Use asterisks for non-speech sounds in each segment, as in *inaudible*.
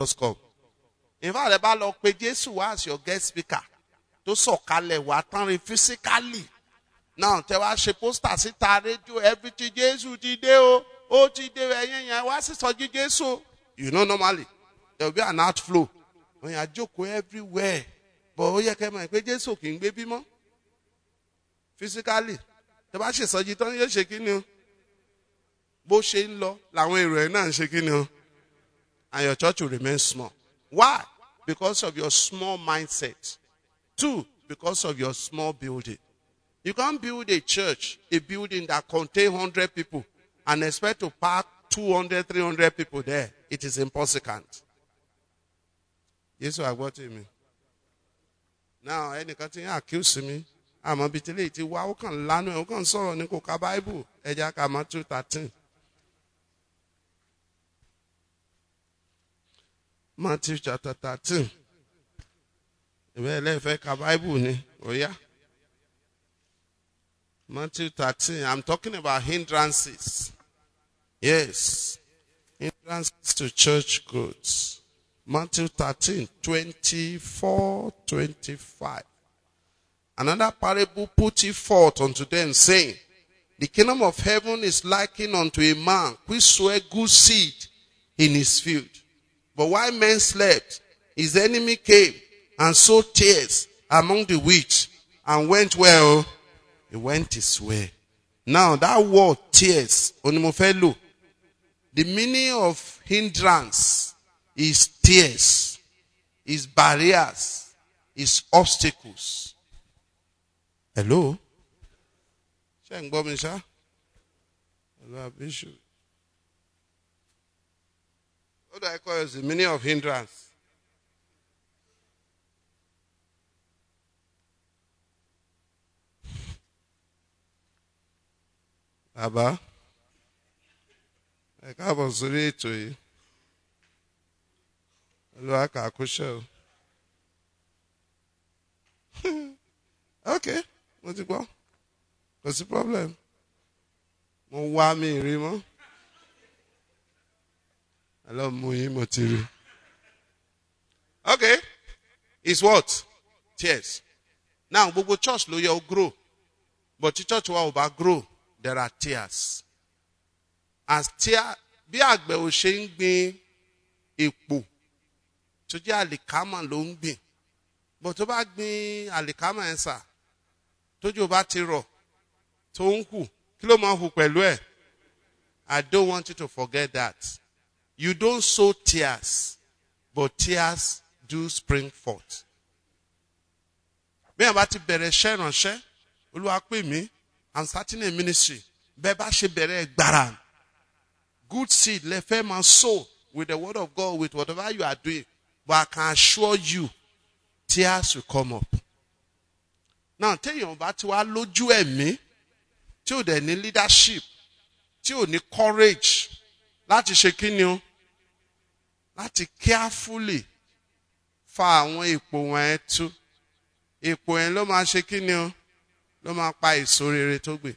just come. In fact, ẹ bá lọ pé Jésù your guest speaker tó sọ̀kalẹ̀ wá tán rí physically. Now tẹ wá ṣe pósítà síta rédíò everything Jésù ti dé o, ó ti dé ẹyẹ yẹn wá sí sọjí Jésù. You know normally there will be an outflow. Wọ́n yà jókòó everywhere. But ó yẹ kẹ́ mọ̀ pé Jésù baby í Physically tẹ bá ṣe sọjí tán yóò ṣe kí ni o. Bó ṣe ń lọ làwọn èrò ẹ̀ náà ń ṣe kí o. and your church will remain small. Why? Because of your small mindset. Two, because of your small building. You can't build a church, a building that contains 100 people and expect to pack 200, 300 people there. It is impossible. Yes, I got him. Now, any ti ń accuse I'm a bit late. Why? ó can not learn? kàn sọ̀rọ̀ ní solve? ká Bible. two thirteen. Matthew chapter 13. Bible Matthew 13, I'm talking about hindrances. Yes, hindrances to church growth. Matthew 13, 24, 25. Another parable put it forth unto them, saying, The kingdom of heaven is likened unto a man which sowed good seed in his field. But while men slept, his enemy came and sowed tears among the wheat and went well. He went his way. Now that word tears, onimofelu, the meaning of hindrance is tears, is barriers, is obstacles. Hello? Hello, Bishop what do I call it? The meaning of hindrance. Baba, ẹ káàbọ̀ sórí ètò yìí. Olúwa kà á kó ṣe o. *laughs* Okay, what is ti gbọ́. Kò sí problem. Mo wá mi rí mọ́. ọlọ́mú mo ti rí. okay it's what tears now gbogbo church ló yẹ ó grow but tí church wa ò bá grow there are tears as tear bí àgbẹ̀ ò ṣe ń gbin èpò tó jẹ́ àlìkámà ló ń gbìn bọ̀ tó bá gbin àlìkámà ẹ̀ sà tójú bá ti rọ̀ tó ń hù kí ló máa hù pẹ̀lú ẹ̀ I don't want you to forget that. You don't sow tears, but tears do spring forth. Me bá ti bẹ̀rẹ̀ iṣẹ́ ìránṣẹ́, Olúwa pè mí, I'm starting a ministry. Beba she bẹ̀rẹ̀ gbàrà. Good seed lè fẹ́ máa sow with the word of God with whatever you are doing. But I can assure you, tears will come up. Now, tell you ti wá lójú ẹ̀mí tí ò dẹ̀ ní leadership tí the courage That is ṣe kí ni láti carefully fa àwọn ipò wọ̀nyẹn tú ipò yẹn ló máa ṣe kí ni o ló máa pa èso rere tó gbè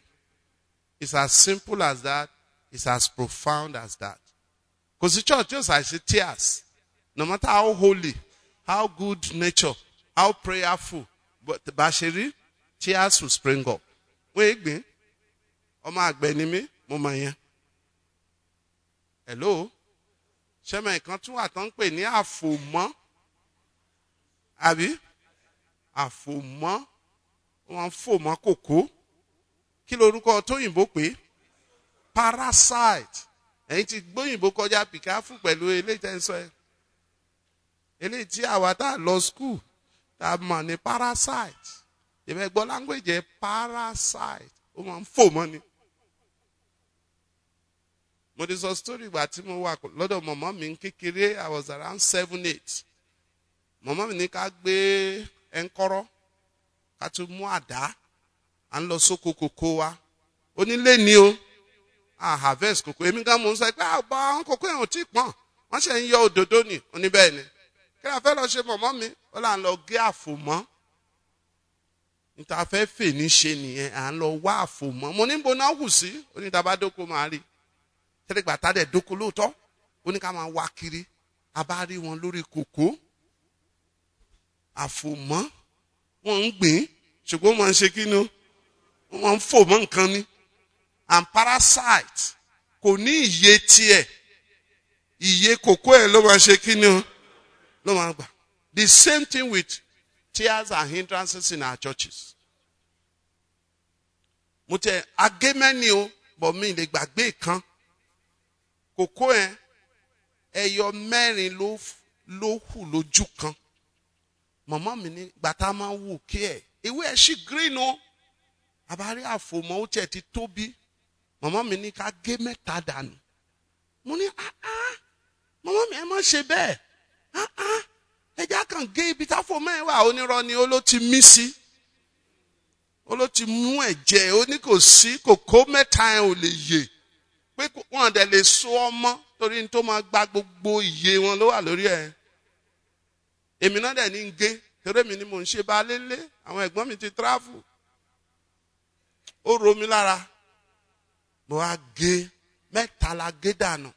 it's as simple as that it's as profound as that kò sí church yóò ṣàṣe tears no matter how holy how good nature how prayerful but bá ṣe rí tears will spring up wọ́n ègbín ọmọ àgbẹ̀ ni mí mo mọ̀ yẹn hello ṣẹ́mẹ̀ nǹkan tún wà tán ń pè ní àfòmọ́ àbí àfòmọ́ wọn ń fòmọ́ kòkó kí lorúkọ tóyìnbó pé parasite ẹ̀yin ti gbóyìnbó kọjá pìkáfù pẹ̀lú eléyìí tẹ́ ń sọ ẹ eléyìí tí àwa tá a lọ skul tá a mọ̀ ní parasite ìbẹ̀ gbọ́ language ẹ parasite ó máa ń fòmọ́ ni mo ti sọ story ìgbà tí mo wà lọ́dọ̀ mọ̀mọ́ mi kékeré i was around seven eight mọ̀mọ́ mi ní ká gbé ẹnkọ́rọ́ ká tún mú àdá à ń lọ sóko kòkó wa onílé ni o a harvest kòkó èmi gan mo ń sọ pé àbá ah, àwọn kòkó yẹn ò tí ì pọ́n wọ́n ṣe ń yọ òdòdó ni oníbẹ̀ ni kí la fẹ́ lọ ṣe mọ̀mọ́ mi ó là ń lọ gé àfòmọ́ níta fẹ́ fè ní ṣe nìyẹn à ń lọ wá àfòmọ́ mo ní bo náà wù sí oníta máa rí tẹ́lẹ̀gbà tá dẹ̀ dóko lóòótọ́ ó ní ká máa wá kiri a bá rí wọn lórí kòkó àfòmọ́ wọn ń gbìn ṣùgbọ́n wọn ń ṣe kí ni wọn ń fò mọ́ nǹkan ni and parasite kò ní iye tiẹ̀ iye kòkó ẹ̀ ló máa ṣe kí ni ló máa gbà the same thing with tears and hindrances in our churches mo tẹ agémẹ́ni o bọ̀ mi lè gbàgbé kan kòkó ẹ̀ ẹyọ mẹ́rin ló ló hù lójú kan mọ̀mọ́ mi ní gbàtà máa wù kí ẹ̀ ewé ẹ̀ sì green o àbárí àfòmọ́ ó tiẹ̀ ti tóbi mọ̀mọ́ mi ní ká gé mẹ́ta dànù mo ní áá ah, ah, mọ̀mọ́ mi ẹ má ṣe bẹ́ẹ̀ áá ah, ẹja kan gé ibi táfò mẹ́wàá onírọ́ ni ó ló ti mí sí ó ló ti mú ẹ̀jẹ̀ ó ní kò sí kòkó mẹ́ta ẹ̀ ò lè yè pé wọn dẹ̀ lè so ọmọ torí tó máa gba gbogbo iye wọn ló wà lórí ẹ̀ èmi náà dẹ̀ ní gé torí mi ni mò ń ṣe bá lélé àwọn ẹ̀gbọ́n mi ti tráfù ó ro mi lára mo wá gé mẹ́ta la gé dànù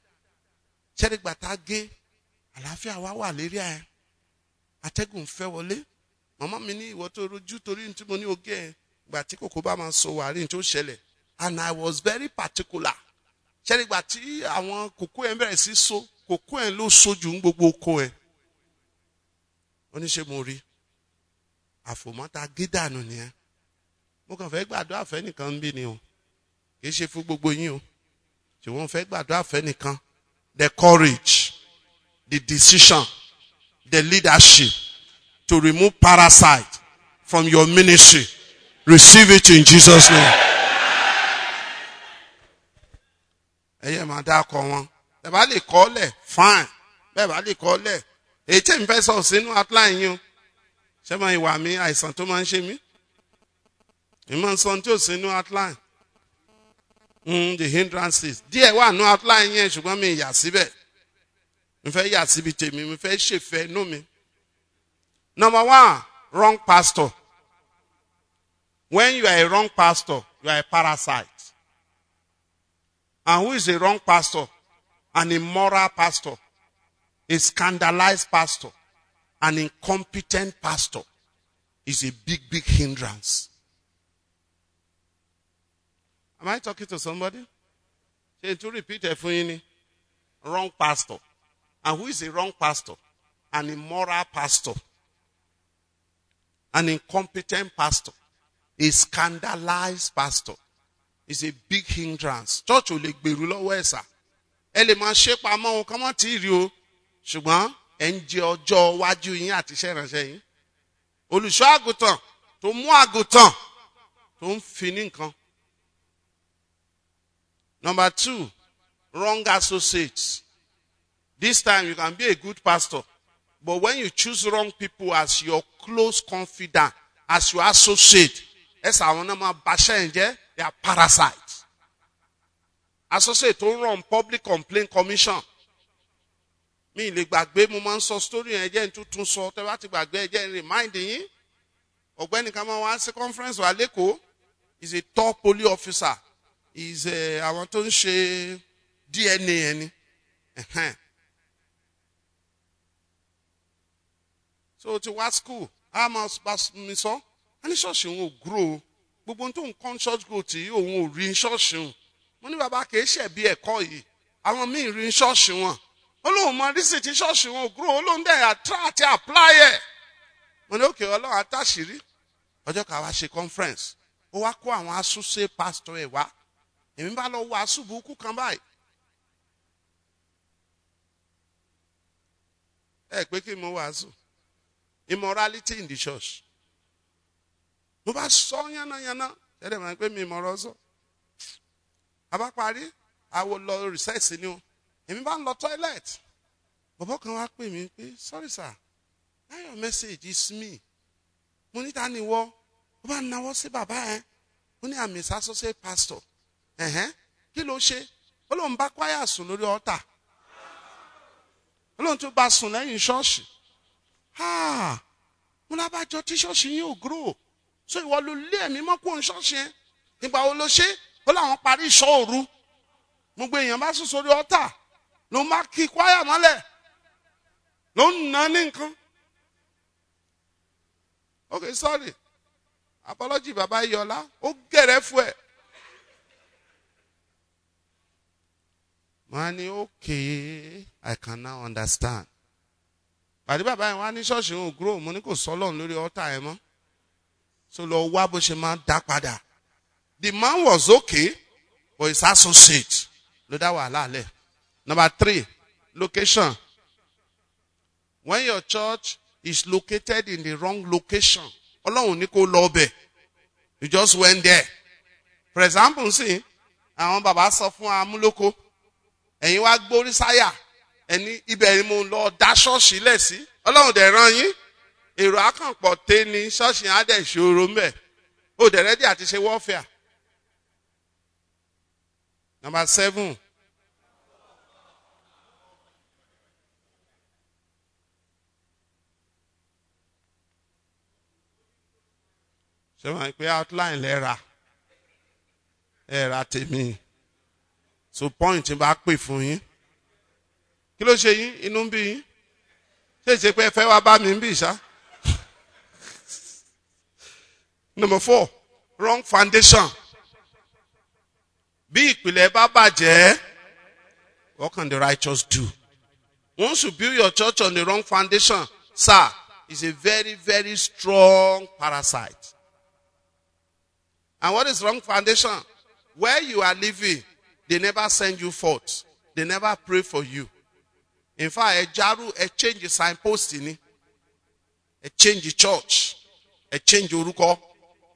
ṣẹ́rígbà tá a gé àlàáfíà wa wà lérí ẹ̀ atẹ́gùn fẹ́ wọlé màmá mi ní ìwọ tó rojú torí tí mo ní oge ẹ̀ gbà tí kòkó bá máa sọ wàrí tó ṣẹlẹ̀ and I was very particular ṣẹ́nìgbà tí àwọn kòkó ẹ̀ ń bẹ̀rẹ̀ sí so kòkó ẹ̀ ló sojú ń gbogbo oko ẹ̀ oníṣẹ́ mo rí àfòmọ́ta gídànù nìyẹn mo kàn fẹ́ gbàdúrà fẹ́ nìkan ń bí ni o kì í ṣe fún gbogbo yín o ṣùgbọ́n fẹ́ gbàdúrà fẹ́ nìkan the courage the decision the leadership to remove parasite from your ministry receive it in Jesus name. ẹyẹ máa dákọ wọn ẹ bá lè kọ lẹ fine bẹ́ẹ̀ bá lè kọ lẹ èyí tí mi fẹ́ sọ sínú outline yín o ṣé máa ìwà mi àìsàn tó máa ń ṣe mí ìmọ̀ ń sọ tí ò sínú outline mm, the hindrances díẹ̀ wà nú outline yẹn ṣùgbọ́n mi yà síbẹ̀ mi fẹ́ yà síbi tèmi mi fẹ́ ṣèfẹ́ inú mi number one wrong pastor when you are a wrong pastor you are a parasite. And who is a wrong pastor? An immoral pastor, a scandalized pastor, an incompetent pastor is a big, big hindrance. Am I talking to somebody? Say to repeat Efuini, wrong pastor. And who is a wrong pastor? An immoral pastor, an incompetent pastor, a scandalized pastor, is a big hindrance church ò lè gbèrú lọ́wọ́ ẹ̀sà ẹ lè máa ṣe pamọ́ ohun kan mọ́ tí ì rí o ṣùgbọ́n ẹ ń jẹ ọjọ́ iwájú yín àti iṣẹ́ ìránṣẹ́ yín olùṣọ́ àgùntàn tó mú àgùntàn tó ń ní nǹkan. number two wrong associates this time you can be a good pastor but when you choose wrong people as your close confidant as your associate ẹsẹ àwọn náà máa baṣẹ́ ẹ̀ They are parasites. Associate tó ń run public complaint commission. Mi lè gbàgbé mo máa so story yẹn jẹ́ tuntun sọ tẹ́ bá ti gbàgbé ẹ jẹ́ ń remind yín. Ọ̀gbẹ́ni kan máa wá conference wa lẹ́kọ̀ọ́. is a top police officer. He is eh, àwọn tó ń ṣe DNA eh? So to what school, a máa mi sọ, a ní ṣọ́ọ̀ṣì òun ò grow gbogbo tó ń kọ́ church goal tí òun ò rí ṣọ́ọ̀ṣì hùn mo ní bàbá kì í ṣẹ̀bi ẹ̀kọ́ yìí àwọn míì rí ṣọ́ọ̀ṣì wọn ó lóun mọ rísì tí ṣọ́ọ̀ṣì wọn ò ó lóun dẹ̀ àtúrà àti apply ẹ̀ mo ní òkè ọlọ́run àtàṣírí ọjọ́ kan àwa ṣe conference ó wá kó àwọn asúnṣe pastor ẹ̀ wá èmi bá lọ wọ asúbùkù kan báyìí ẹ pé kí mo wàásù immorality in the church bó bá sọ yánnayànna ẹ̀rẹ̀ mọ̀ pé mi mọ̀rọ̀ sọ. àbá parí àwo lọ rìsẹ́ẹ̀sì ni o èmi bá ń lọ toilet bọ̀bọ̀ kan wá pè mí pé sorry sir now your message is me mo ní ta ni wọ́ ó bá nawọ́ sí bàbá ẹ̀ ó ní àmì associate pastor ẹ̀hẹ́n kí ló ṣe ó lóun bá kwaya sùn lórí ọ̀tà ó lóun tún bá sùn lẹ́yìn ṣọ́ọ̀ṣì mo lábàjọ tí ṣọ́ọ̀ṣì yín ò grow so ìwọ ló lé ẹ̀mí mọ́ kó ń ṣọ́ọ̀ṣì yẹn ìgbà wo ló ṣe ó láwọn parí ìṣọ́ òru gbogbo èèyàn bá sùn sórí ọ̀tà ló má kí kwaya mọ́lẹ̀ ló ń ná ní nǹkan. ok sorry apology Baba yọlá ó gẹ̀rẹ́ fún ẹ̀. wọ́n á ní okay I can now understand. pàdé bàbá yẹn wọ́n á ní ṣọ́ọ̀ṣì òun gúrò mo ní kò sọ́ lọ́run lórí ọ̀tà ẹ̀ mọ́. So Lord Wabushiman Dakpada. The man was okay, but his associate. Number three, location. When your church is located in the wrong location, you just went there. For example, see, am bàbá sọ amúlòkó and you gbórí sáyà ẹni ibẹ̀ ni mo lọ along ṣọ́ọ̀ṣì lẹ̀ èrò akànpọ̀ tẹ́ ni ṣọ́ọ̀ṣì á dẹ̀ ṣòro mbẹ̀ ó dẹ̀ rẹ́dí àti ṣe wọ́fẹ̀à. number seven ṣé wọn pe outline lẹ́ra ẹ̀ra tèmi so point bá pè fún yín kí ló ṣe yín inú ń bí yín ṣé ìṣe pé ẹ fẹ́ wá bá mi ń bì ṣá. Number four, wrong foundation. Bí ìpìlẹ̀ what can the righteous do? Once you build your church on the wrong foundation, sir, it's a very, very strong parasite. And what is wrong foundation? Where you are living, they never send you forth. They never pray for you. In fact, a jaru, a change signpost in it, a change church, a change uruko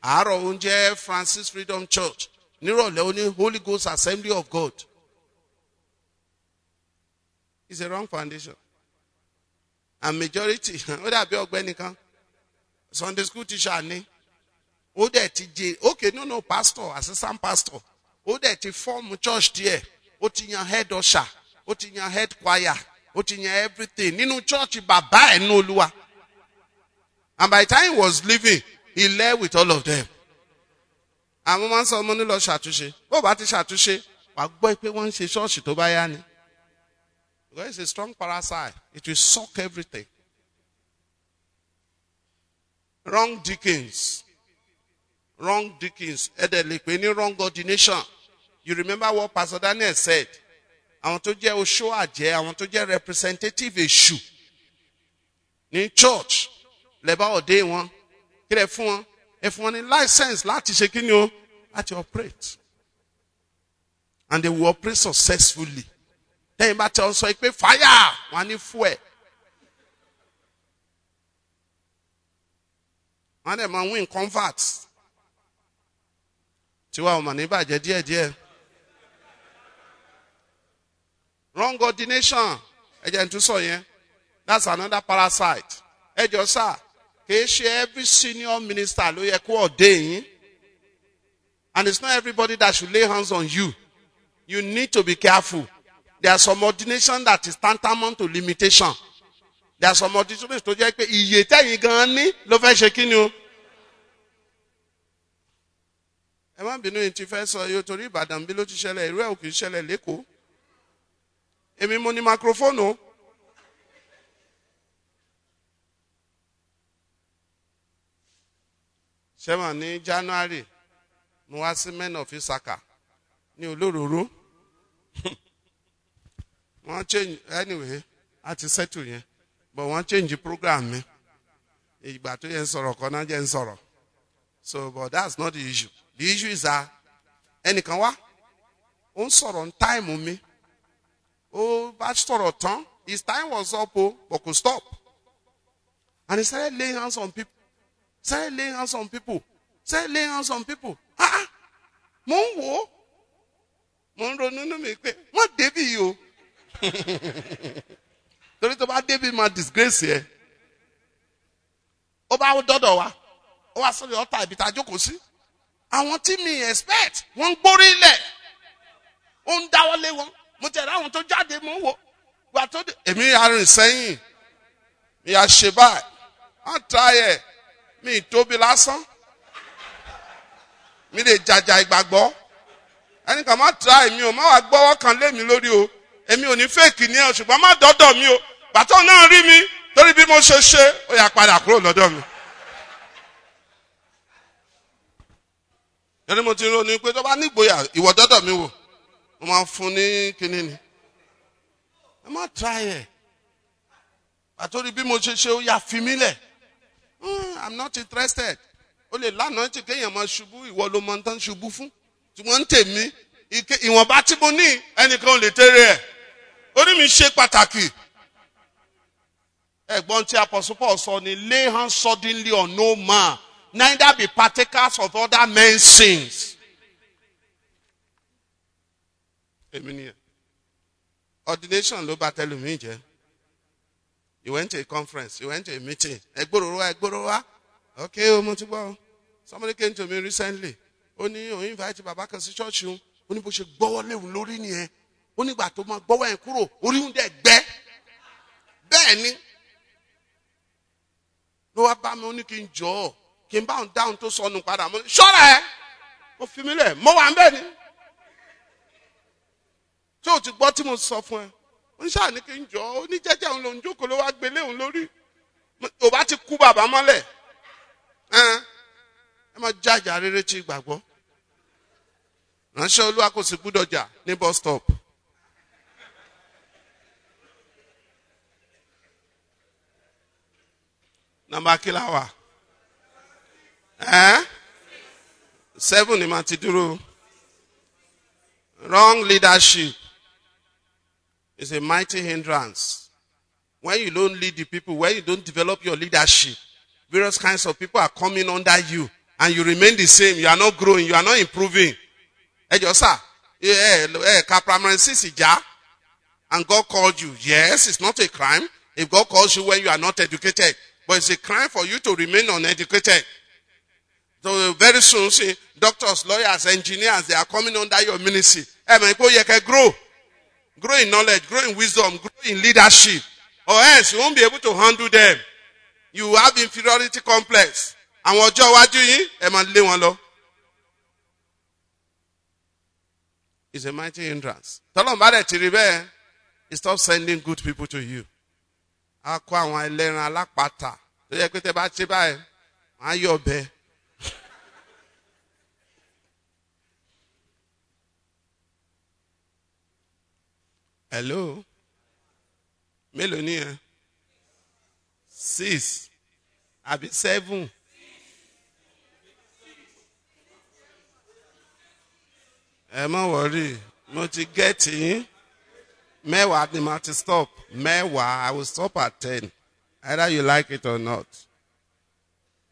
àárọ̀ oúnjẹ francis freedom church Nero, Leoni holy ghost assembly of god it's a wrong foundation A majority *laughs* ó dàbí ọgbẹ́ni kan sunday school teacher ne. ó dẹ̀ ti okay no no pastor assistant pastor ó dẹ̀ ti fọ́ọ̀mù church díẹ̀ What in your head usher What in your head choir What in your everything nínú church bàbá ẹ̀ no lua. and by the time he was leaving he lay with all of them. àwọn máa ń sọ ọmọ nílò ṣàtúnṣe bó bá ti ṣàtúnṣe wà á gbọ́ pé wọ́n ń ṣe ṣọ́ọ̀ṣì tó bá yá ni. because it's a strong parasite it will suck everything. wrong Dickens. wrong Dickens. ẹ̀dẹ̀lẹ̀ pé ní wrong ordination you remember what pastor daniel said àwọn tó jẹ́ oṣó àjẹ́ àwọn tó jẹ́ representative èṣù ní church lẹ́bàá ọ̀dẹ́ wọn kí lẹ fún wọn fún ní license láti ṣe kí ni o láti operate and they will operate successfully lẹ́yìn bá tẹ ọ sọ pé fire wọn ní fuel wọn dẹ̀ máa win convert tiwa ọmọ ní bàjẹ́ díẹ̀díẹ̀ wrong ordination ẹ jẹ́ n tún sọ yẹn that's another parasite ẹ jọ sáà kìí every senior minister ló yẹ kó and it's not everybody that should lay hands on you you need to be careful there are some ordination that is tantamount to limitation there are some ordination tó jẹ́ pé iye tẹ̀yìn gan-an ní ló fẹ́ ṣe kí ni o. ẹ oe bínú yìí ti fẹ́ sọ yóò torí ìbàdàn bí ló ti ṣẹlẹ̀ irú ẹ̀ ò í ṣẹlẹ̀ lẹ́kọ̀ọ́ èmi mo ní microphone o. ṣẹ́wọ̀n ní january mo wá sí men of isaka ní olóróró *laughs* wọ́n change anyway a ti settle yẹn but wọ́n change program mi ìgbà tó yẹ ń sọ̀rọ̀ kan náà jẹ́ ń sọ̀rọ̀ so but that's not the issue the issue is that ẹnìkan wá ó ń sọ̀rọ̀ ń táìmù mi ó bá sọ̀rọ̀ tán his time was up o but kò stop and he started laying hands on people Start laying hands on people. Start laying hands on people. Ah ah. Mo ń wò ó. Mo ń ronú inú mi pé wọ́n débì yìí o. *laughs* Torí tó bá débì máa disgrace yẹ. Ó bá dọ́dọ̀ wa. Ó wá sọ̀rọ̀ ọ̀tá ibi tá a jókòó sí. Àwọn tí mi expect wọ́n ń gbórí lẹ̀. Ó ń dáwọ́lé wọn. Mo tẹ̀lé àwọn tó jáde mo ń wò. Gbà tó dé. Èmi arìn sẹ́yìn. ṣe báyìí. Wọ́n ta yẹ̀ mi tóbi lásán mi lè jàjà ìgbàgbọ́ ẹnìkan má tra èmi o má wàá gbọ́wọ́ kan lé mi lórí o èmi ò ní fèkì ní ẹ ṣùgbọ́n má dọ́dọ̀ mi o bàtọ́ náà rí mi lórí bí mo ṣe ṣe ó yà padà kúrò lọ́dọ̀ mi. yẹ́nì mo ti ronú pé tó bá nígboyà ìwọ dọ́dọ̀ mi wò mo máa fún ní kinní ni ẹ má tra ẹ̀ àtòrí bí mo ṣe ṣe ó yà fi mí lẹ̀ i'm not interested o lè lánàá tí kéèyàn máa ṣubú ìwọ ló máa ń tán ṣubú fún ṣùgbọ́n tèmi ìwọ̀nba tí mo ní ẹnìkan ò lè tẹ́rẹ̀ ẹ̀ orí mi ṣe pàtàkì ẹ̀gbọ́n tí apostle paul sọ ni lay hands suddenly on no man neither be partakers of other men's sins. èmi nìyẹn ordination ló bá tẹlumi jẹ You went to a conference. You went to a meeting. Egborowa, Egborowa. Okay, Omotubo. Somebody came to me recently. Ó ní òun invite bàbá kan sí ṣọ́ọ̀ṣì òun. Ó ní bó ṣe gbọ́wọ́ léwu lórí nìyẹn. Ó ní ìgbà tó máa gbọ́wọ́ yẹn kúrò. Orí ń dẹ̀ gbẹ́. ni. Ló wá bá mi ó ní kí n jọ ọ́. Kí n bá òun Mo ní ṣọ́ra ẹ̀. Mo fi mi lẹ̀. Mo wà ń ni. Tí ti gbọ́ tí mo sọ fún ẹ ń ṣàní kí n jọ ọ ní jẹ́jẹ́ òun lòun jókòó ló wá gbélé òun lórí ò bá ti kú bàbá mọ́lẹ̀ ẹ máa jájà rere tí gbàgbọ́ ránṣẹ́ olúwa kò sì gbúdọ̀ jà ní bus stop. nàmbà kí la wà ẹ seven ni màá ti dúró wrong leadership. is a mighty hindrance. When you don't lead the people, when you don't develop your leadership, various kinds of people are coming under you and you remain the same. You are not growing. You are not improving. Hey, sir. And God called you. Yes, it's not a crime. If God calls you when you are not educated, but it's a crime for you to remain uneducated. So very soon, see, doctors, lawyers, engineers, they are coming under your ministry. Hey, man, you can grow grow in knowledge, grow in wisdom, grow in leadership, or else you won't be able to handle them. You have inferiority complex. and what you are doing is It's a mighty hindrance. Tell them dẹ̀ you rí bẹ́ẹ̀, he stop sending good people to you. A kó àwọn ẹlẹ́ran alápatà tó bá ṣe báyìí, á yọ̀ hello mélòó six Abi, seven. ẹ má wọrí mo ti gẹ́tì yín mẹ́wàá ni ma ti stop mẹ́wàá i will stop at ten either you like it or not.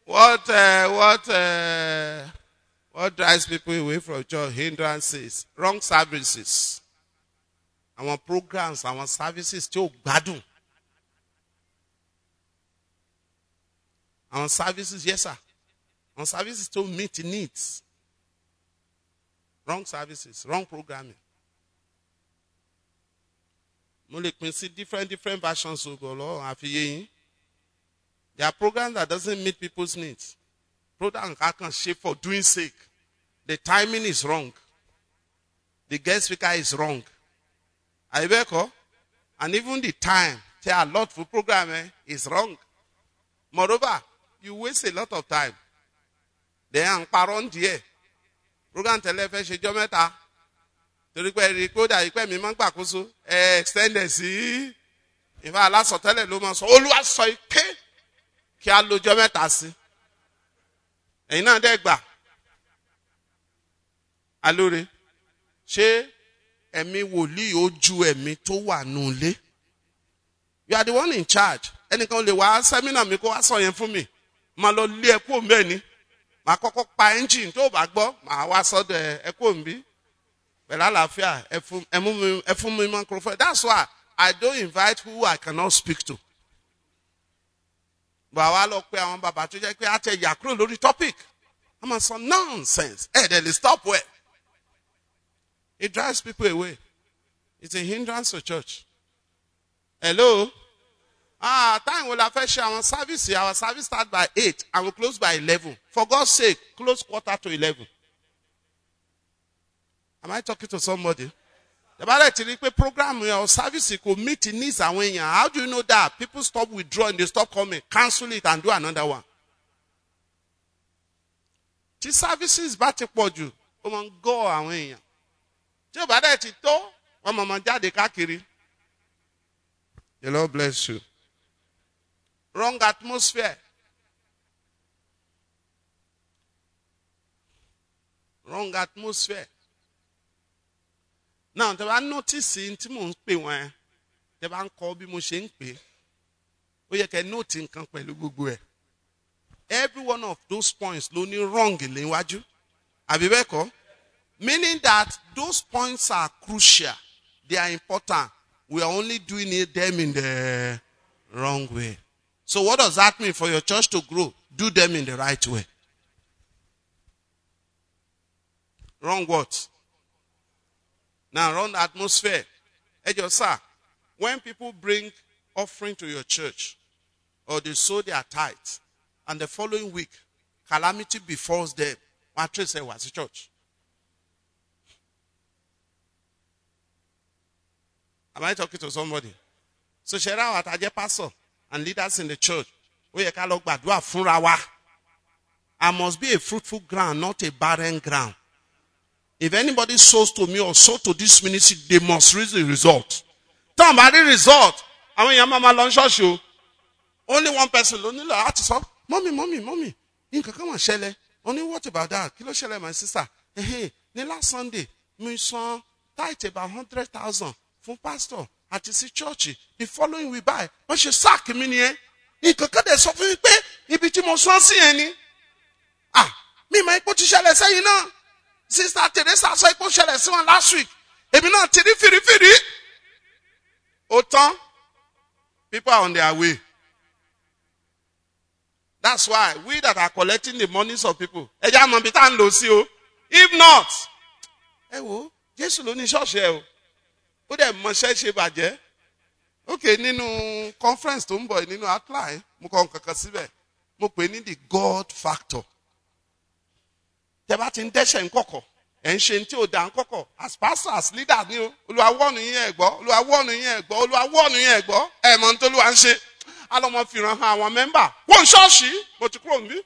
what uh, what uh, what drives people away from church hindrances wrong services Our programs our services still ó gbádùn Our services yes sir Our services tó meet needs wrong services wrong programming mo lè pín different different versions of lọ àfiyé yín there are programs that doesn't meet people's needs program can shape for doing sake the timing is wrong the guest speaker is wrong àyẹ̀bẹ́ẹ̀kọ́ and even the time tẹ allot fún program ẹ is wrong moreover you waste a lot of time then à ń parọ́ díẹ̀ program tẹ́lẹ̀ fẹ́ ṣe jọ́ mẹ́ta torí pé rí i pé ó dàbí pé mi máa ń gbàkóso ẹ extend ẹ sí ìfẹ́ alásọtẹ́lẹ̀ ló máa sọ olúwa sọ pé kí a lójọ́ mẹ́ta sí ẹ̀yin náà dẹ́ alóore ṣé ẹ̀mí wòlíì ó ju ẹ̀mí tó wà nù you are the one in charge ẹnìkan lè wá sẹ́mínà mi kó wá sọ yẹn fún mi máa lọ lé ẹkú òmìnira ni màá kọ́kọ́ pa engine tó bá gbọ́ màá wá sọ́dọ̀ ẹkú òmìnira pẹ̀lú àlàáfíà ẹ mi microphone that's why I don't invite who I cannot speak to bàbá wa lọ pé àwọn bàbá tó jẹ́ pé àtẹ̀yà kúrò lórí topic I'm on some nonsense ẹ̀ dẹ̀ lè stop well. It drives people away. It's a hindrance to church. Hello? Ah, time will affect our service. Our service start by 8 and will close by 11. For God's sake, close quarter to 11. Am I talking to somebody? The Bible tells you program your service could meet needs and when How do you know that? People stop withdrawing, they stop coming. Cancel it and do another one. Tí services bá These services but jù, ó máa ń gọ́ àwọn tí ò bá dẹ̀ ti tó wọn mọ̀mọ́ jáde káàkiri. The Lord bless you. Wrong atmosphere. Wrong atmosphere. Now, tẹ bá nọ́tìsì tí mò ń pè wọ́n ẹ, tẹ bá kọ́ bí mo ṣe ń pè é, ó yẹ kẹ́ nọ́ọ̀tì nǹkan pẹ̀lú gbogbo ẹ̀. Every one of those points ló ní wrong léwájú. Àbí bẹ́ẹ̀ kọ́? Meaning that those points are crucial. They are important. We are only doing it, them in the wrong way. So what does that mean for your church to grow? Do them in the right way. Wrong what? Now wrong atmosphere. Hey, your sir, when people bring offering to your church, or they sow their tithe, and the following week, calamity befalls them. What church say was the church? Am I talking to somebody? So ṣe ra àwọn pastor and leaders in the church. Ó I must be a fruitful ground, not a barren ground. If anybody sows to me or sows to this ministry, they must reach the result. Tom, àbá the result, àwọn èèyàn máa ma lọ ṣọ́ọ̀ṣì you. Only one person ló the láti sọ, mọ́mì mọ́mì mọ́mì, nǹkan kan wà Only what about that? Kí ló my sister? Hey, the last Sunday, mi san tight about hundred thousand fún pásítọ̀ àti sí chọ́ọ̀chì the following week báyìí wọ́n ṣe sáàkì mi nìyẹn nǹkan kan dẹ̀ sọ fún mi pé ibi tí mo sọ sí yẹn ni ah mi máa ipò ti ṣẹlẹ̀ sẹ́yìn náà sista Teresa sọ ipò ṣẹlẹ̀ sí wọn last week èmi náà ti rí fìrífìrí ó tán people are on their way that's why we that are collecting the monies of people ẹ jẹ́ àmọ́ bí tá à ń lò sí o if not ẹ wo Jésù ló ní ṣọ́ọ̀ṣì ẹ o ó dẹ̀ mọṣẹ́ ṣe bàjẹ́ ok nínú conference tó ń bọ̀ nínú outline mo kọ́ kankan síbẹ̀ mo pè ní the God factor tẹ bá ti ń dẹ́ṣẹ̀ ń kọ̀kọ̀ ẹ̀ ń ṣe tí ò dá ń kọ̀kọ̀ as pastor as leader ni o olúwa wọ́ọ̀nù yín ẹ̀ gbọ́ olúwa wọ́ọ̀nù yín ẹ̀ gbọ́ olúwa wọ́ọ̀nù yín ẹ̀ gbọ́ ẹ̀ mọ̀ ní tolúwa ń ṣe alọ́mọ fìràn han àwọn mẹ́mbà wọ́n ṣọ́ọ̀ṣì mo ti kúrò níbí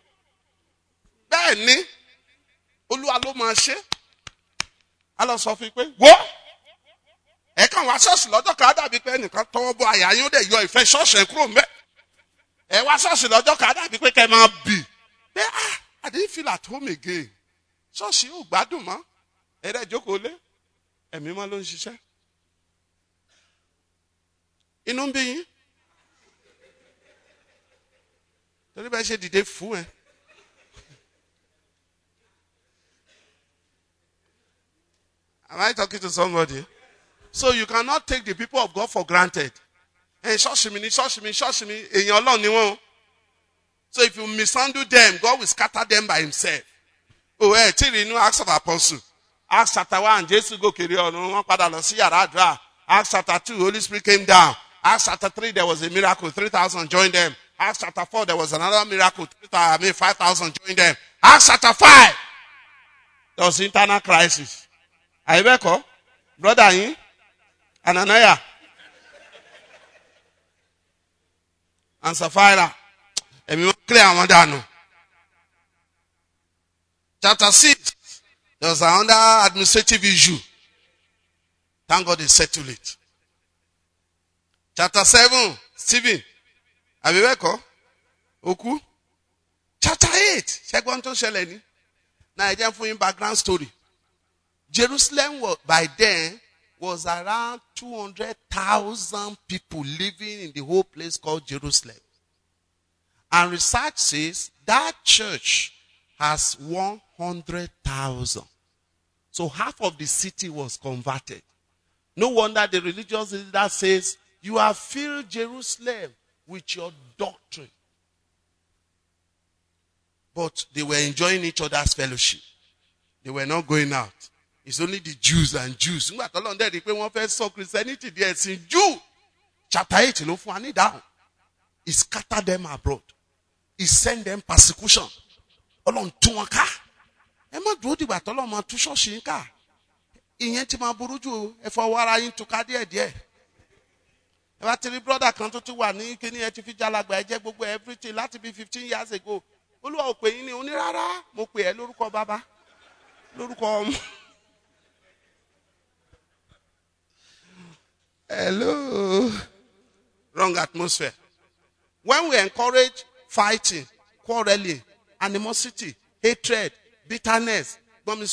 bẹ́ẹ̀ ni olúwa ló máa ṣe alọ́sọ fún pé wọ́ọ́ ẹ kàn wá ṣọ́ọ̀ṣì lọ́jọ́ kan á dàbí pé ẹnìkan tọwọ́ bọ àyà yín ó dẹ̀ yọ ìfẹ́ ṣọ́ọ̀ṣì ẹ̀ kúrò mẹ́ ẹ wá ṣọ́ọ̀ṣì lọ́jọ́ kan á dàbí pé kẹ́ máa bì pé ah I didn't feel at home again ṣọ́ọ̀ṣì ò gbádùn mọ́ ẹ̀rẹ́ ìjókòó lé ẹ̀mí mọ́ ló ń ṣiṣẹ́ inú ń bí yín torí bá ṣe dìde fún ẹ. Am I talking to somebody? So you cannot take the people of God for granted. And eh, ṣọ́ọ̀ṣì mi ni ṣọ́ọ̀ṣì So if you mishandle them, God will scatter them by himself. Oh, wait, till you know Acts of Apostle. Acts chapter one, Jesus go carry on. padà lọ Acts chapter two, Holy Spirit came down. Acts chapter three, there was a miracle. Three thousand joined them. Acts chapter four, there was another miracle. Three thousand, I mean five thousand joined them. Acts chapter five, there was internal crisis. Àyẹ̀bẹ̀kọ́, brother yín, Ananiah. And Sapphira. And we will clear Amadano. Chapter 6. There was another administrative issue. Thank God they settled it. Chapter 7. Stephen. you Abibeko. Oku. Chapter 8. Ṣẹ́gbọ́n tó ṣẹlẹ̀ ní. Now, I'm fún background story. Jerusalem was, by then was around 200,000 people living in the whole place called Jerusalem. And research says that church has 100,000. So half of the city was converted. No wonder the religious leader says, You have filled Jerusalem with your doctrine. But they were enjoying each other's fellowship, they were not going out. it's only the Jews and Jews nígbà tó lọ́n dẹ́rìí pé wọ́n fẹ́ sọ Christianity di ẹ̀sìn Jew chapter eight ló fún wa ní ìdáhùn he scattered them abroad he sent them persecution ọlọ́run tún wọn ká ẹ má dúró dìgbà tó lọ́n máa tú ṣọ́ọ̀ṣì ń kà ìyẹn ti máa burú jù ẹ fọwọ́ ara yín túká díẹ̀díẹ̀ ẹ bá ti rí brọ́dà kan tó ti wà ní kíní ẹ ti fi jalagbà ẹ jẹ́ gbogbo everything láti bí fifteen years ago olúwa ò pè yín ní onírárá mo pè ẹ lórúkọ bàbá lórúkọ ọmọ. Hello. Wrong atmosphere. When we encourage fighting, quarreling, animosity, hatred, bitterness, in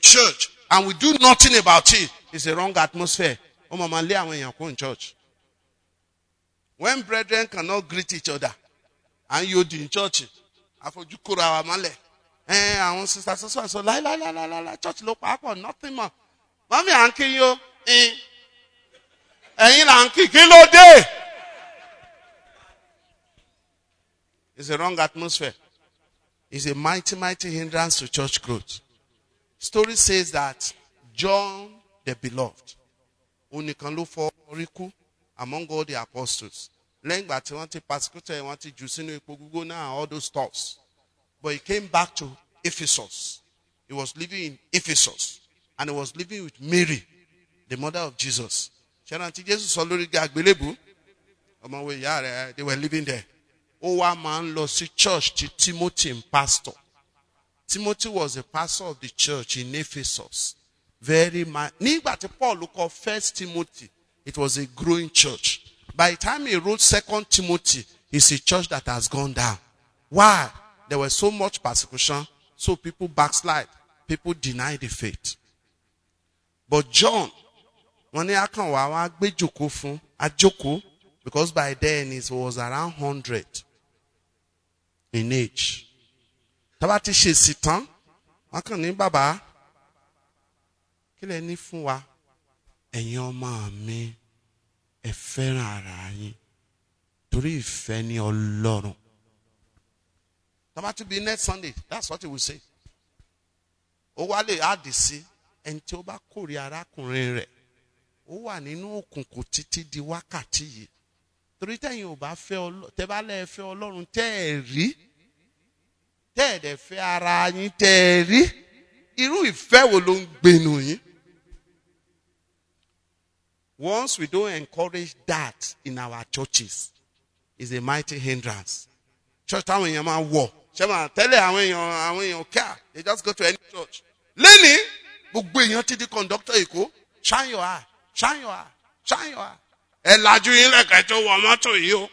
church, and we do nothing about it, it's a wrong atmosphere. in church. When brethren cannot greet each other, and you in church, àfojúkúra wa so la la sisters la la la church ló want nothing more mọ́mí i ń kí yín Eh? ẹ̀yin là ń It's a wrong atmosphere. It's a mighty, mighty hindrance to church growth. Story says that John the Beloved, onìkan can look for kú among all the apostles. Lẹ́yìn ìgbà tí wọ́n ti persecute wọ́n ti jù sínú epo all those stuffs. But he came back to Ephesus. He was living in Ephesus and he was living with Mary the mother of Jesus. they were living there. Oh, one man lost the church to Timothy and pastor. Timothy was a pastor of the church in Ephesus. Very man. Nígbà tí Paul kọ first Timothy, it was a growing church. By the time he wrote second Timothy, it's a church that has gone down. Why? There was so much persecution, so people backslide, people deny the faith. But John wọ́n ní akàn wá wọ́n á gbé jòkó fún àjòkó because by then it was around hundred in age tábà ti ṣe sí tán wọ́n kàn ní bàbá kí lẹ ní fún wa ẹ̀yin ọmọ mi ẹ fẹ́ràn ara yín torí ìfẹ́ ní Ọlọ́run tábà tún bí next Sunday that's what he will say ó wá lè add sí ẹni tí ó bá kórè arákùnrin rẹ̀ ó wà nínú òkùnkùn títí di wákàtí yìí torí tẹ̀yin ò bá fẹ́ ọlọ́run tẹ́ bá fẹ́ ọlọ́run tẹ́ ẹ̀ rí tẹ́ ẹ̀ dẹ̀ fẹ́ ara yín tẹ́ ẹ̀ rí irú ìfẹ́ wo ló ń gbénu yín. Once we don't encourage that in our churches, it's a mighty hindrance. Church táwọn èèyàn máa wọ̀ ṣé máa tẹ́lẹ̀ àwọn èèyàn àwọn èèyàn kíá they just go to any church. Lẹ́ni gbogbo èèyàn ti di conductor Èkó shine your eye shine your eye shine your eye ẹ lajú yín lẹ́kẹ̀ẹ́ tó wọ mọ́tò o.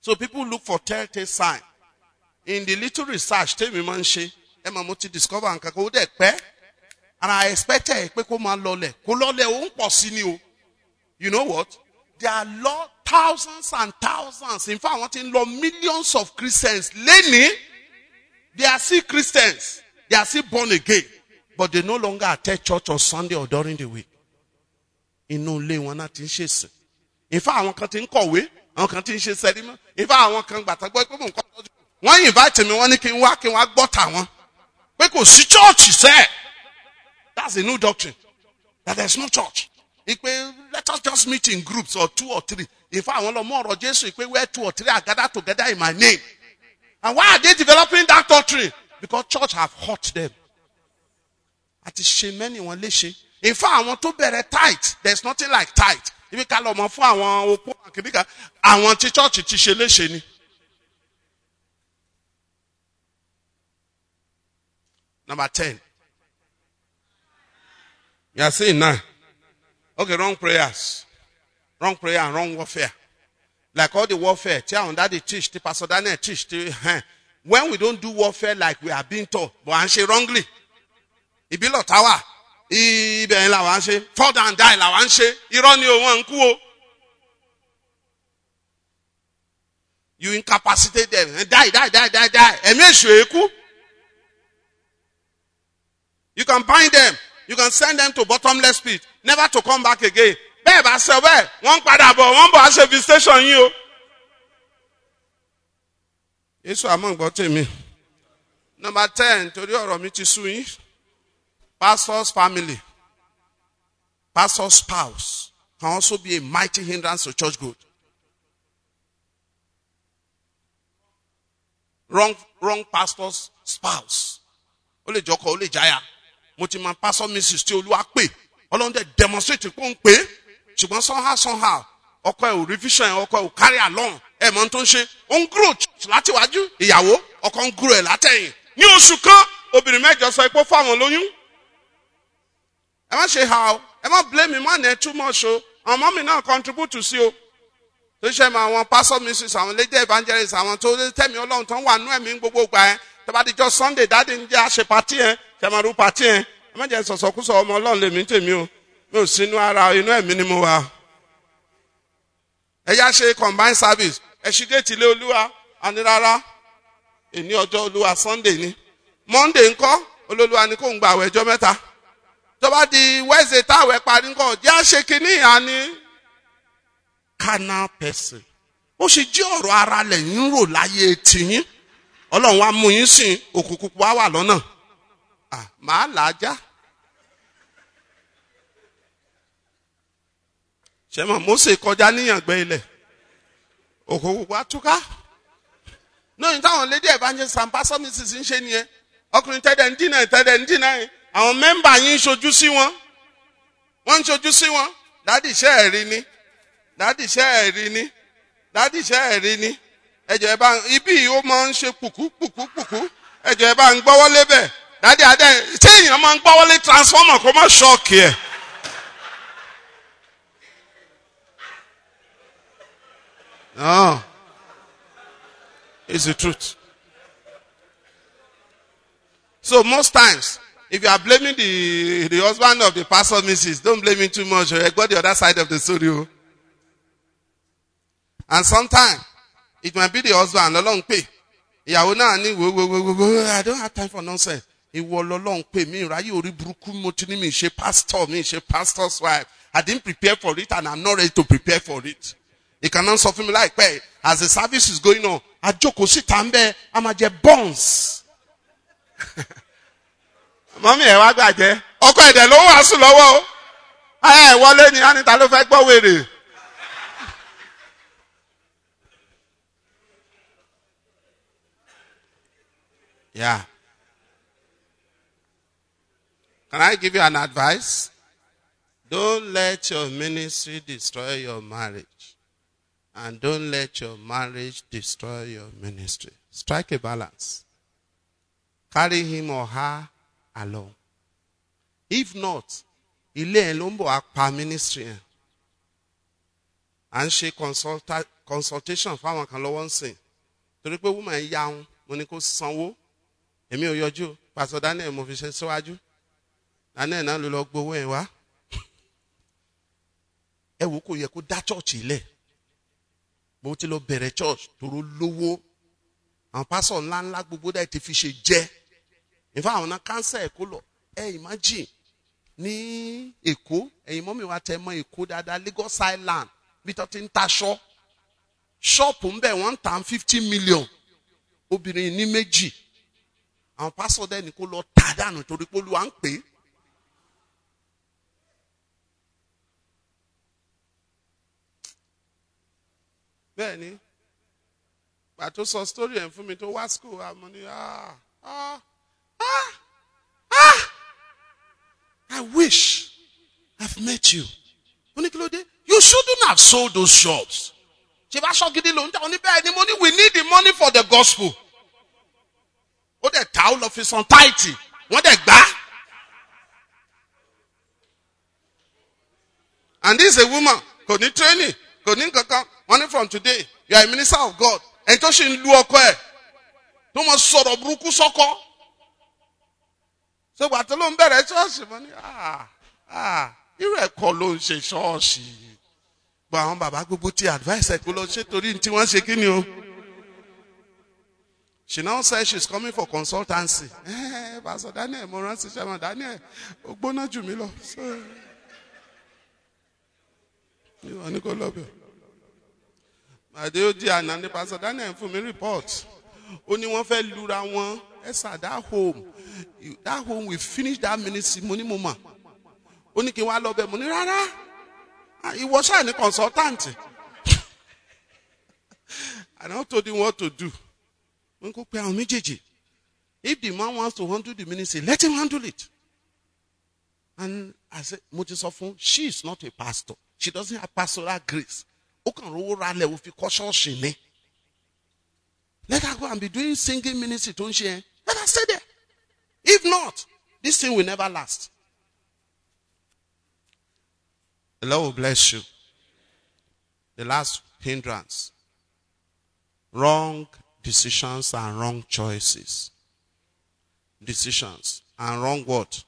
so people look for telltale sign. In the little research tèmi máa ń ṣe ẹ máa mo ti discover nǹkan kan ó dẹ̀ pẹ́ and I expected ẹ pé kó máa lọlẹ̀ kó lọlẹ̀ ó ń pọ̀ sí ni o. You know what? There are thousands and thousands in fact i want to lọ millions of Christians lẹ́ni they are still Christians they are still born again but they no longer attend church on Sunday or during the week. Inú ilé wọn náà ti ń ṣèsìn. Ìfá àwọn kan ti ń kọ̀wé, àwọn kan ti ń ṣe sẹ́rímọ́. Ìfá àwọn kan gbàtà gbọ́ pé mò ń kọ́ tọ́jú. Wọ́n invite mi, wọ́n ní kí n wá kí n wá gbọ́ tàwọn. Pé kò sí church sẹ́ẹ̀. That's the new doctrine. That there is no church. Ìpè let us just meet in groups or two or three. Ìfá àwọn lọ mọ ọ̀rọ̀ Jésù ìpè where two or three are gathered together in my name. And why are they developing that doctrine? Because church have hurt them àti ṣe mẹ́ni wọn léṣe in fact àwọn tó bẹ̀rẹ̀ tight there is nothing like tight ibi ká lọ mọ fún àwọn opó àkìdíkà àwọn tí chọ́ọ̀chì ti ṣe léṣe ni. number ten you are saying now okay wrong prayers wrong prayer and wrong warfare like all the warfare tí àwọn dáàdi teach tí pastor daniel teach tí eh, when we don do warfare like we are being taught but à say wrongly ìbí lọ̀tá wà ibẹ̀ la wà ń ṣe fall down die la wà ń ṣe irọ́ ni òun ń kú o. you incapacitate them die die die die die ẹ̀mí èṣù èékú. you can bind them you can send them to bottomless pit never to come back again bẹ́ẹ̀ bá ṣe bẹ́ẹ̀ wọ́n ń padà bọ̀ wọ́n ń bọ̀ á ṣe visitation yín o. Yéṣu àmọ́ ǹgbọ́ tèmi. Nọmba ten torí ọ̀rọ̀ mi ti sú yín. Pastor's family, pastor's spouse can also be a mighty hindrance to church growth. Wrong, wrong pastor's spouse. Ó lè jọkọ̀, jaya. lè jáyà. pastor Mrs. tí Olúwa pè. Ọlọ́run demonstrate pé ń pè. Ṣùgbọ́n somehow somehow ọkọ ẹ̀ revision ẹ̀ ọkọ ẹ̀ ò carry along ẹ̀ mọ̀ tó ń ṣe. Ó ń grow látiwájú ìyàwó ọkọ ń grow ẹ̀ látẹ̀yìn. Ní oṣù kan obìnrin mẹ́jọ sọ pé fáwọn lóyún ẹ má ṣe ha o ẹ má blame me má nà ẹ too much o àwọn mọ́mì náà contribute sí o tó ṣe mọ àwọn pastor ministries àwọn lẹ́jẹ̀ evangelist àwọn tó tẹ̀mí ọlọ́run tó ń wà nú ẹ̀mí gbogbo gbà ẹ tó bá di jọ sunday dáadé ń jẹ́ àṣẹ pàtí ẹ tẹ̀mọ̀rú pàtí ẹ ẹ má jẹ́ sọ̀sọ̀kúsọ̀ ọmọ ọlọ́run lèmi tèmi o mi ò sínú ara inú ẹ̀mí ni mo wà. ẹ yá ṣe combined service ẹ ṣí géètì ilé olúwa anirara. rárá ìní ọjọ́ olúwa sunday ni monday ńkọ́ olólùwà ni kò ń gba àwẹ̀ ọjọ́ mẹ́ta tó bá di wednesday táwẹ̀ parí nǹkan jẹ́ àṣekínní àní carnal person ó sì jí ọ̀rọ̀ ara lẹ́yìn ń rò láyé tìyín ọlọ́run wa mú yín sìn òkùnkùn wa wà lọ́nà màá là á já. sẹ́mọ̀ Mósè kọjá níyàngbẹ́ ilẹ̀ òkùnkùn wa túká náà ní táwọn lédè evangelist and pastor mrs ń ṣe nìyẹn ọkùnrin tẹ́lẹ̀ ń dínà tẹ́lẹ̀ ń dínà yẹn. àwọn mẹ́mbà yín ń ṣojú sí wọn wọ́n ń ṣojú sí wọn dádì iṣẹ́ ẹ̀ rí ni dádì iṣẹ́ ẹ̀ rí ni ẹ̀ rí ni bá ibi yìí máa ń ṣe pùkú pùkú pùkú ẹ̀jọ̀ bá ń gbọ́wọ́ lébẹ̀ dádì adé ṣé èèyàn máa ń gbọ́wọ́ lé transformer kó má ṣọ́ọ̀kì ẹ̀. No, ah. it's the truth. So most times if you are blaming the, the husband of the pastor missus, don't blame him too much. I eh? go the other side of the studio. Oh. And sometimes, it might be the husband, along pay. Ìyàwó náà we we we we we. I don't have time for nonsense. Ìwọ lọ́lọ́run pè mí ráyè orí burúkú mo ti ní mi ṣe pastor me she pastor's wife. I didn't prepare for it and I'm not ready to prepare for it. Ìkànnà sọ me like, láìpẹ́ as the service is going on, I joke, ń bẹ́, a máa jẹ *laughs* mọ́mí ẹ̀ wá gbàjẹ́ ọkọ ẹ̀dẹ̀ ló ń wàásù lọ́wọ́ o ẹ̀ wọlé ni anita ló fẹ́ gbọ́ wèrè. Yeah. Can I give you an advice? Don't let your ministry destroy your marriage. And don't let your marriage destroy your ministry. Strike a balance. Carry him or her àlọ if not ilé ẹ̀ ló ń bọ̀ á pa ministry ẹ̀ à ń ṣe consultation fáwọn kan lọ́wọ́ ń sìn torí pé woman yá wọn mo ní kó sanwó èmi ò yọjú pásọ Daniel mo fi ṣe síwájú Daniel náà ló lọ gbowó ẹ̀ wá ẹ wò kò yẹ kó dá church ilẹ̀ mo ti lọ bẹ̀rẹ̀ church tòró lówó àwọn pásọ ńláńlá gbogbo dá ti fi ṣe jẹ́ in fact àwọn náà kánsẹ̀ èkó lọ ẹ imagine ní èkó ẹ̀yin mọ́mí wa tẹ́ mọ èkó dáadáa Lagos Island bí tó ti ń taṣọ ṣọ́ọ̀pù ń bẹ̀ wọ́n ń tà fifty million obìnrin ní méjì àwọn pásọ dẹ́ni kó lọ tà dànù torí pé olúwa ń pè é. bẹ́ẹ̀ ni pàtó sọ sítórì ẹ̀ fún mi tó wá school àmọ́ ni ah ah. Ah, ah, I wish I've met you. you shouldn't have sold those shops. we need the money for the gospel. What the towel of his on san táìtì, wọ́n dẹ̀ And this is a woman kò you train kò ní kankan wọ́n Money from today you are a minister of God. Ẹni tó ṣe ń sọ̀rọ̀ sọ́kọ́. so gbàtọ́ ló ń bẹ̀rẹ̀ ṣọ́ọ̀ṣì mọ́ ni ah, ah, irú ẹ̀kọ́ ló ń ṣe ṣọ́ọ̀ṣì gbọ́ àwọn bàbá gbogbo ti advice ẹ̀ lọ ṣe torí tí wọ́n ṣe kí ni o. She now says she's coming for consultancy. Eh, Pastor Daniel, mo rán ṣiṣẹ́ mọ́ Daniel, ó gbóná jù mí lọ. Ìwọ ni kò lọ́bẹ̀. Màdé di àná ni Pastor Daniel fún mi report. Ó ní wọ́n fẹ́ lura wọn. ẹ̀sà that home that home we finish that ministry money, mama. Only can ó love kí bẹ̀ mo ní rárá ah, ìwọ ṣáà a consultant *laughs* I told him what to do mo ní kó pe àwọn méjèèjì if the man wants to handle the ministry let him handle it and I said mo ti she is not a pastor she doesn't have pastoral grace ó kàn rówó ralẹ̀ ó fi Let her go and be doing singing ministry don't she? stay there. If not, this thing will never last. The Lord will bless you. The last hindrance wrong decisions and wrong choices. Decisions and wrong what?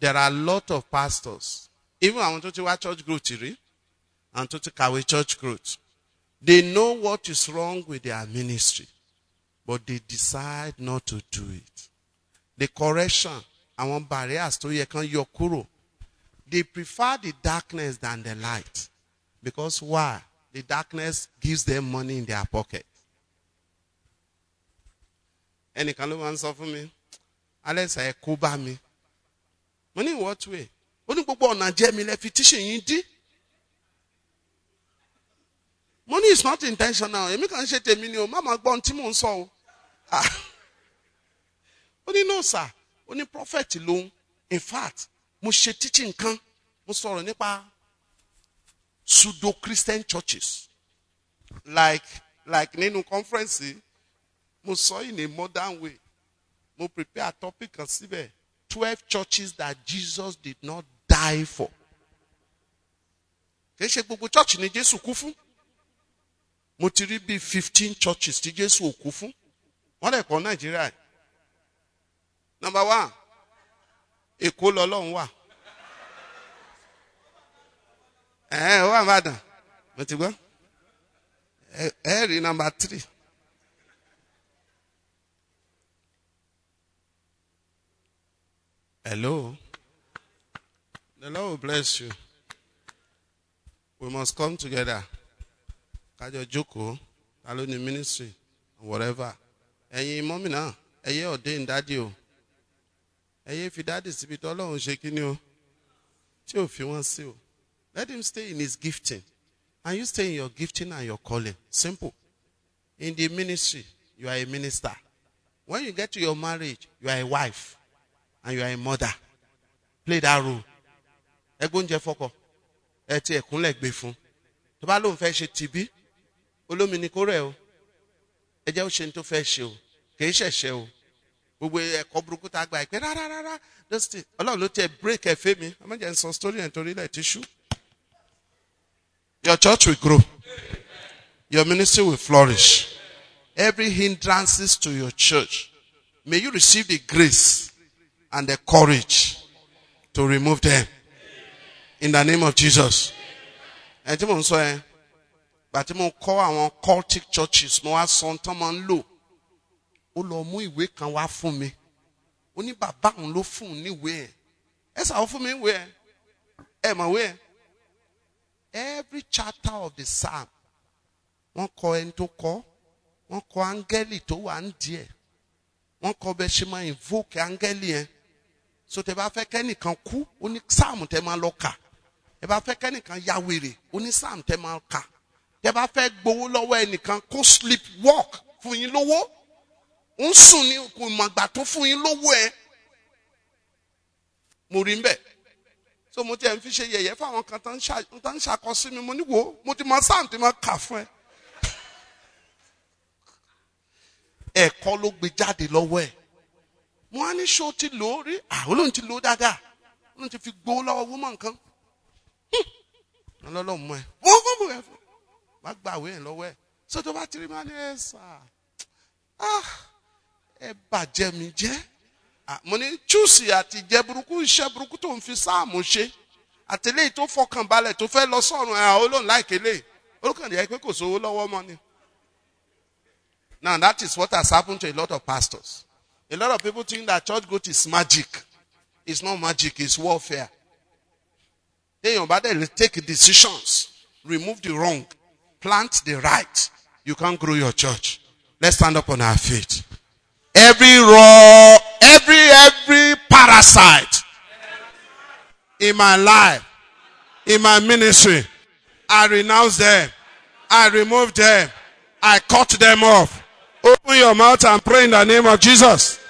There are a lot of pastors, even want tó ti church growth rí, tó ti kàwé church growth, they know what is wrong with their ministry but they decide not to do it. The correction, àwọn barriers tó yẹ kán yọ They prefer the darkness than the light. Because why? The darkness gives them money in their pocket. Any ló máa answer for me? mi, Alẹ́sà ẹ me. Money in what way? Ó go gbogbo ọ̀nà jẹ́ mi lẹ́fi tíṣe yín dí. Money is not intentional. Èmi kàn ń ṣe tèmi ni o, má máa gbọ́ ohun tí ah *laughs* ó ní no sir ó ní prophet lòun in fact mo ṣe teaching kan mo sọ̀rọ̀ nípa pseudo christian churches like like nínú conference mo sọ in a modern way mo prepare a topic kan síbẹ̀ twelve churches that Jesus did not die for kì í ṣe gbogbo church ni Jésù kú fún mo ti rí bíi fifteen churches tí Jésù ò kú fún wọ́n dẹ̀ kọ́ nàìjíríà nọ́mbà one èkó lọ́lọ́run wà ẹ̀ẹ́n ó wà nìbàdàn mo ti gbọ́ ẹ̀ẹ́rì nọ́mbà three. Hello. The Lord will bless you. We must come together. Kajo Joko, Aloni Ministry, whatever ẹ̀yin mọ́mì náà ẹ yé ọ̀dẹ́yìn dádì o ẹ yé fi dádì síbi tó ọlọ́run ṣe kí ni o tí ò fi wọ́n sí o let him stay in his gifting and you stay in your gifting and your calling simple in the ministry you are a minister when you get to your marriage you are a wife and you are a mother play that role ẹgbóúnjẹ fọkọ ẹ ti ẹkúnlẹ gbé fún tó bá lóun fẹ́ ṣe tìbí olómi ni kó rẹ o ẹ jẹ́ ó ṣe ní tó fẹ́ ṣe o kì í ṣẹ̀ṣẹ̀ o gbogbo ẹ̀kọ́ burúkú tá a gba ìpè rárá rárá lọ́sítì ọlọ́run ló tiẹ̀ break ẹ̀fẹ́ mi ọmọdé ń sọ story ẹ̀ torí ilẹ̀ tíṣú. Your church will grow. Your ministry will flourish. Every hindrance to your church, may you receive the grace and the courage to remove them. In the name of Jesus. Ẹ tí mò ń sọ yẹn, gbàtí mo kọ́ àwọn cultic churches, mo wá sọ ohun tán máa ń lò. ó lọ mú ìwé kan wá fún mi ó ní bàbá òun ló fún un níwèé ẹ ẹ sàwọn fún mi ìwé ẹ ẹ mọ̀ ẹ every chapter of the psalm wọ́n kọ ẹni tó kọ wọ́n kọ áńgẹ́lì tó wà ń díẹ̀ wọ́n kọ bẹ ṣe máa invoke áńgẹ́lì yẹn so tẹ bá fẹ́ kẹ́nìkan kú ó ní psalm tẹ máa lọ kà tẹ bá fẹ́ kẹ́nìkan ya wèrè ó ní psalm tẹ máa kà tẹ bá fẹ́ gbowó lọ́wọ́ ẹnìkan kó sleep walk fún yín lówó ń sùn ní kò mọ̀gbà tó fún yín lówó ẹ mo rí mbẹ so mo tiẹ̀ ń fi ṣe yẹ̀yẹ́ fáwọn kan tó ń ṣàkọsí mi mo ní wo mo ti mọ sáà tí mo kà fún ẹ. ẹ̀kọ́ ló gbé jáde lọ́wọ́ ẹ̀ mo á ní ṣó ti lò ó rí àwọn olóhùn ti lò ó dáadáa olóhùn ti fi gbowó lọ́wọ́ wúmọ̀ nǹkan ọlọ́lọ́ mọ ẹ̀ wọ́n kọ́ mọ̀ ẹ̀ fún wàá gbàwé ẹ̀ lọ́wọ́ ẹ̀ sọ́tọ́ bá ti rí máa ní ẹ̀ sà ah. ẹ bàjẹ́ mi jẹ́ mo ní chúùsì àti ìjẹ burúkú iṣẹ́ burúkú tó ń fi sáàmù ṣe àtẹlẹ́yìn tó fọkàn balẹ̀ tó fẹ́ lọ sọ́run ẹ̀ olóhùn láìkélé olùkànnì ẹ̀ pé kò sówó lọ́wọ́ mọ́ ni. Now that is what has happened to a lot of pastors. A lot of people think that church growth is magic. It's not magic, it's warfare. Then your they take decisions, remove the wrong, plant the right. You can't grow your church. Let's stand up on our feet. Every raw, every, every parasite in my life, in my ministry, I renounce them. I remove them. I cut them off. Open your mouth and pray in the name of Jesus.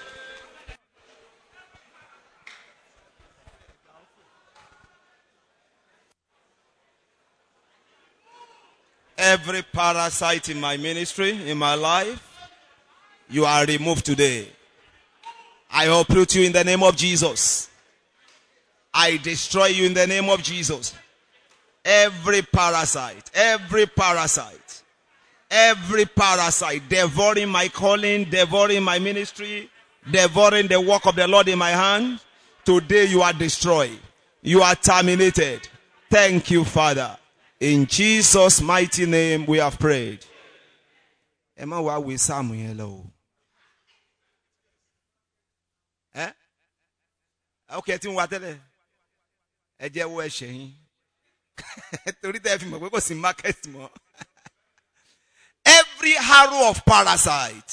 Every parasite in my ministry, in my life, you are removed today. I uproot you in the name of Jesus. I destroy you in the name of Jesus. Every parasite, every parasite, every parasite devouring my calling, devouring my ministry, devouring the work of the Lord in my hand, today you are destroyed. You are terminated. Thank you, Father. In Jesus' mighty name we have prayed. Emma, why we Samuel? Okay, tí wa tẹ́lẹ̀ ẹ jẹ́ wọ ẹ̀ṣẹ̀ yín *laughs* torí tẹ́ fi mọ̀ pé kò sí market mọ́ *laughs* every arrow of parasite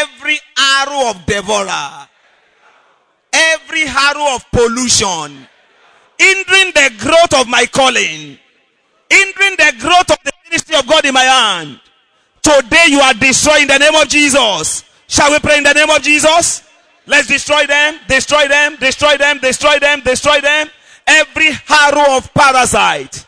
every arrow of devourer every arrow of pollution hindering the growth of my calling hindering the growth of the ministry of God in my hand today you are destroyed in the name of Jesus shall we pray in the name of Jesus. Let's destroy them, destroy them, destroy them, destroy them, destroy them. Every arrow of parasite,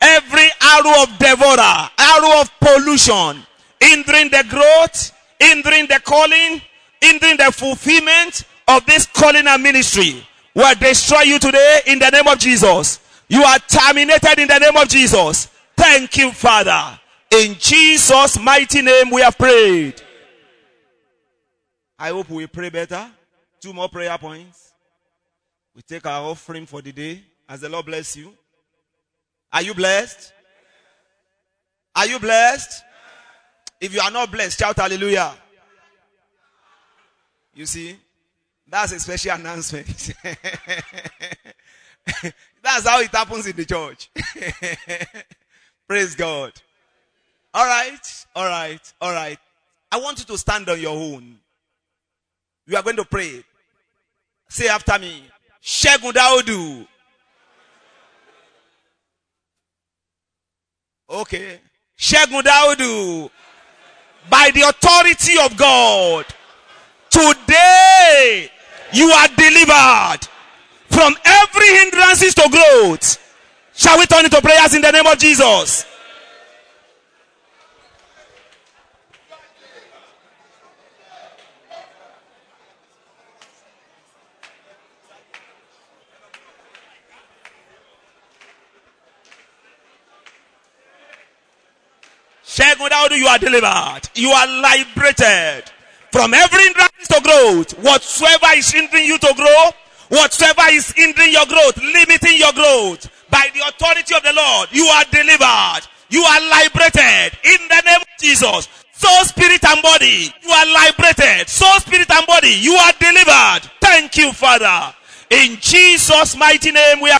every arrow of devourer, arrow of pollution, hindering the growth, hindering the calling, hindering the fulfillment of this calling and ministry will destroy you today in the name of Jesus. You are terminated in the name of Jesus. Thank you, Father. In Jesus' mighty name we have prayed. I hope we pray better. Two more prayer points. We take our offering for the day. As the Lord bless you. Are you blessed? Are you blessed? If you are not blessed, shout hallelujah. You see, that's a special announcement. *laughs* that's how it happens in the church. *laughs* Praise God. All right, all right, all right. I want you to stand on your own. We are going to pray. Say after me. Shegun Okay. Shegun By the authority of God. Today you are delivered from every hindrances to growth. Shall we turn into prayers in the name of Jesus? Without you are delivered. You are liberated from every hindrance to growth. Whatsoever is hindering you to grow, whatsoever is hindering your growth, limiting your growth, by the authority of the Lord, you are delivered. You are liberated in the name of Jesus. Soul, spirit, and body, you are liberated. Soul, spirit, and body, you are delivered. Thank you, Father. In Jesus' mighty name, we are.